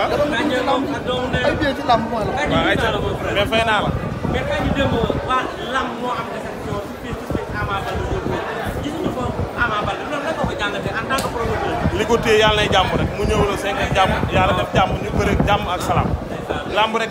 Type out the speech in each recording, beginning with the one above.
ah ay biir ci làmb rek mu ñëw la cinq ak jàmm yàlla def jàmm ñu salaam. làmb rek.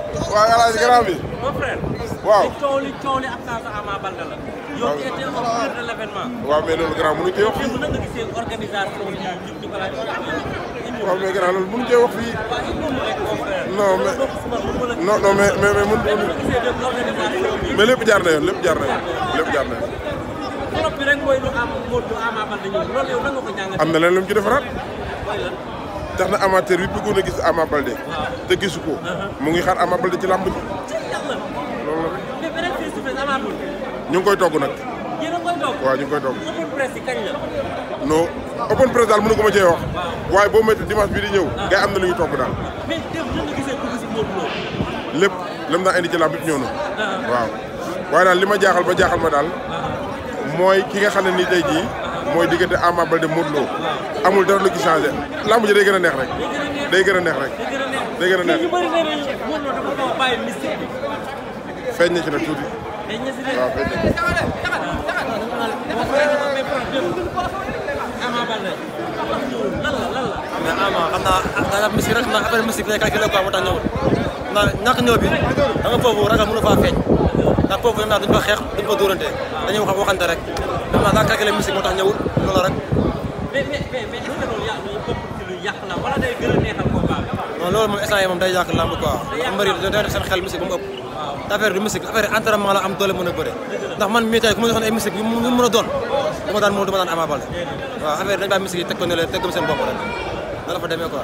waaw El Hadj grand bi. mon frère. waaw li coow li coow la. yow loolu grand mënuñu cee wax. wax fii. non mais non non mais mais mais jaar na yoon lépp jaar na yoon lépp jaar na yoon. am na leneen lu mu ci defaraat. tax na amateur bi bëggoon a gis Ama Baldé te gisu ko mu ngi xar Ama Baldé ci làmb ñu ngi koy togg nag waaw ñu ngi koy togg non open press daal mënu ko ma cee waaye boo métti dimanche bi di ñëw gars am na lu togg daal lépp lam naa indi ci làmb ñëw na ah. waaw waaye daal li ma jaaxal ba jaaxal ma daal ah. mooy ki nga xam ne nii tey mooy diggante Ama Baldé Modou amul dara lu ci changé lamb ji day gën a neex rek day gën a neex rek day gën na tuuti waaw feeñ na ci ah, rek ndax affaire musique bi lay calculé quoi moo tax ñëwul ndax ñàkk foofu ragal mënu faa feeñ ndax kooku dañ naan duñ ko xeex duñ ko dóorante dañuy wax waxante rek dañ naan daa calculé musique moo tax ñëwul noonu rek. mais mais mais est-ce que loolu yàq bokk a neexal combat bi. non loolu moom instant yii moom day yàq lamb quoi. mbër yi day def du a bëre ndax ku ma doon dama daan moom dama daan Ama Baldé waaw affaire dañ bàyyi musique teg ko ne teg ko seen bopp rek da fa demee quoi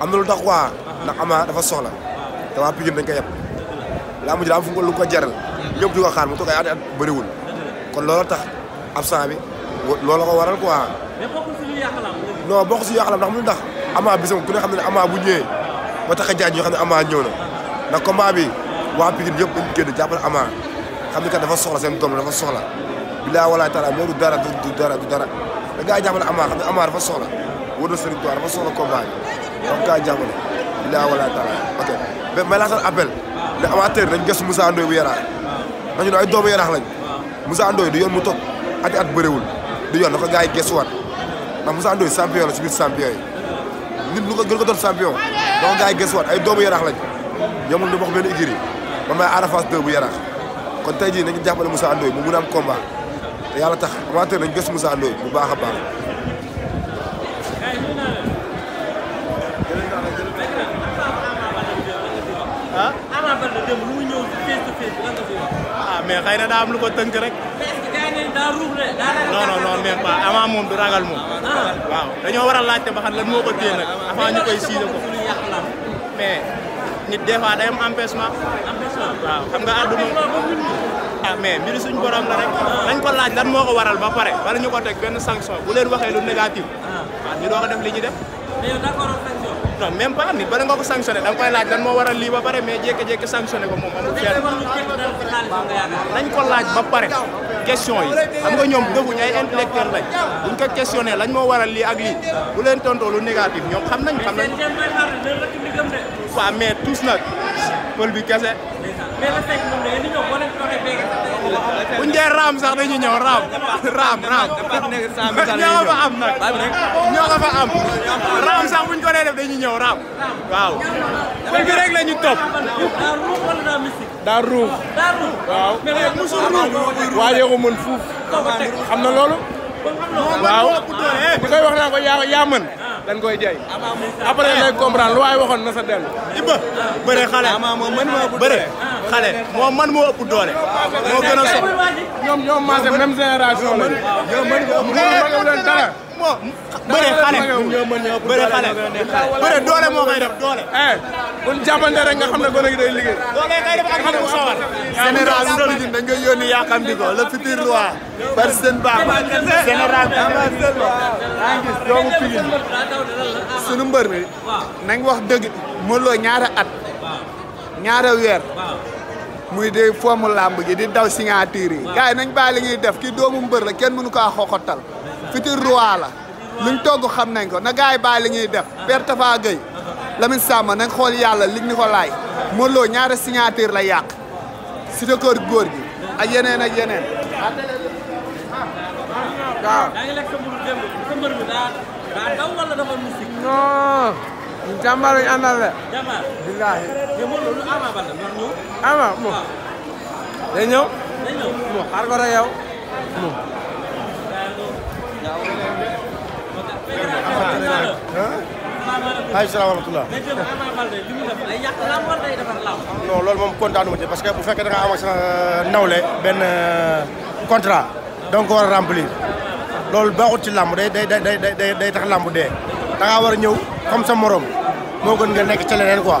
am na lu tax quoi. ndax dafa soxla. te waa Pikine dañ ko yeb. laa mujj daal fu mu ko lu ko jaral. ñëpp di ko xaar mu toog ay at at kon looloo tax absent bi loolu ko waral quoi. mais bokkul si lu yàqalam. non bokkul si yàqalam ndax mu tax. Ama ku ne xam ne Ama bu ñëwee ba tax a jaaj ñoo xam ne amaa ñëw na ndax combat bi waa Pikine yëpp dañu génn Ama xam ne dafa soxla seen doom dafa soxla. bilaa walaay taala moo du dara du dara du dara da ngaa jàppale Ama xam ne Ama dafa soxla wóor na Serigne Touba dama kaa jàppale. bilaa wala taala ok mais may laataan appel. ne amateur dañ gëstu Moussa Ndoye bu yaraax. ndax ñun ay doomu yarax lañ. Moussa Ndoye du yoon mu toog ati at bëriwul. du yoon na ko gars yi gëstuwaat ndax Moussa Ndoye champion la si biir champion yi. nit lu ko gën ko doon champion. da ko gars ay doomu yarax lañ. yamul lu ma wax benn igri man maay Arafas 2 bu kon tey jii nañu jàppale Moussa Ndoye mu mun a am combat te yàlla tax amateur nañ gëstu Moussa Ndoye bu baax a baax ah Ama Baldé dem lu ah, mais xëy na am lu ko tënk rek. mais est-ce que gars yi daa ruux de daa ragal. non non non mais pas Ama moom du ragal moom. Ah, ah. waaw dañoo war a laajte ba xam lan ñu koy siise mais nit des fois xam nga àdduna. ah mais mbiri suñu borom la rek. dañ ko laaj lan moo ko waral ba pare. wala ñu ko teg benn sanction bu leen waxee lu négatif. waaw ñu doog a def li ñu def. non même pas mais bari nga ko sanctionné da nga koy laaj lan moo waral lii ba pare mais jékki-jékki sanctionné ko moom amul kenn nañ ko laaj ba pare question yi xam nga ñoom dëgguñ ay intellectuel lañ buñ ko questionné lañ moo waral lii ak lii bu leen tontoo lu négatif ñoom xam nañ xam nañ waaw mais tous nag pël bi kese. mais la fekk moom da ñëw boo leen waxee béykat yi. bu ñu dee raam sax dañuy ñëw raam. raam raam ñoo ko am nag. ñoo ko fa am. raam sax bu ñu ko dee def dañuy ñëw raam. waaw. pël bi rek la ñu topp. daa ruux wala daa mystique. na loolu. waaw. bu koy wax naa ko yaa dañ koy jey après lay comprendre lu waay waxoon na sa dellu Iba bëre xale bëre xale moo man moo ëpp doole moo gën a sox ñoom ñoom maase même génération la ñoom mënu leen dara bëre xale bëre xale bëre doole moo koy def doole eh. kon jàppante rek nga xam ne gone gi day liggéey. loolee kay dafa am lu sawar. général Ndolgine dañ koy yónni yàkkamti ko le futur roi. par seen baax général Ndolgine maa ngi gis sunu mbër mi wax Lo ñaara at ñaara weer muy de foomu làmb gi di daw signature yi gars yi nañ bàyyi li ñuy def kii doomu mbër la kenn mënu kaa xoxotal futur roi la luñ togg xam nañ ko na li def Père Lamine Samba na nga xool yàlla lig ni ko laay Modou Lo ñaari signature la yàq si de kër góor gi ak yeneen ak yeneen. waaw. non. ñun jàmbaar lañu ñëw. moom xaar ko rek ay salaamaaleykum mais non loolu moom kontaanuma ci parce que bu fekkee da nga am sa nawle benn contrat donc war remplir loolu baaxut ci làmb day day day day day tax da comme sa morom moo gën nga nekk ci leneen quoi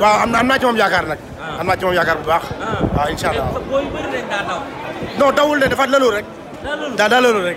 waaw. waaw Amna na am naa ci moom yaakaar nag. am naa ci non de dafa lalu rek. lalu rek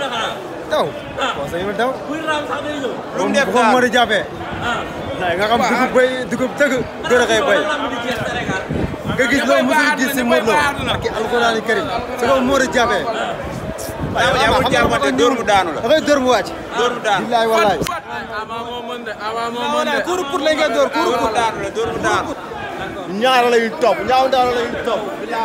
daw. conseil daw. buy raam sax day ñëw. lu mu def daal moom moo di jàppee. Ah. nga xam dugub bay dugub dëgg. dëgg kay bay. nga gis loolu mosul gis si Modou Lo. ak alxuraan yi karim. si loolu moo di jàppee. waaw yaa ngi jàppante dóor mu daanu la. dafay dóor mu wàcc. dóor mu daanu billaay wallaay. avant moo mën de avant moo mën de. kuuru pour lañ koy dóor kuuru pour. dóor mu daanu la dóor mu daanu. ñaar la ñuy topp ñaaw daanu la ñuy topp.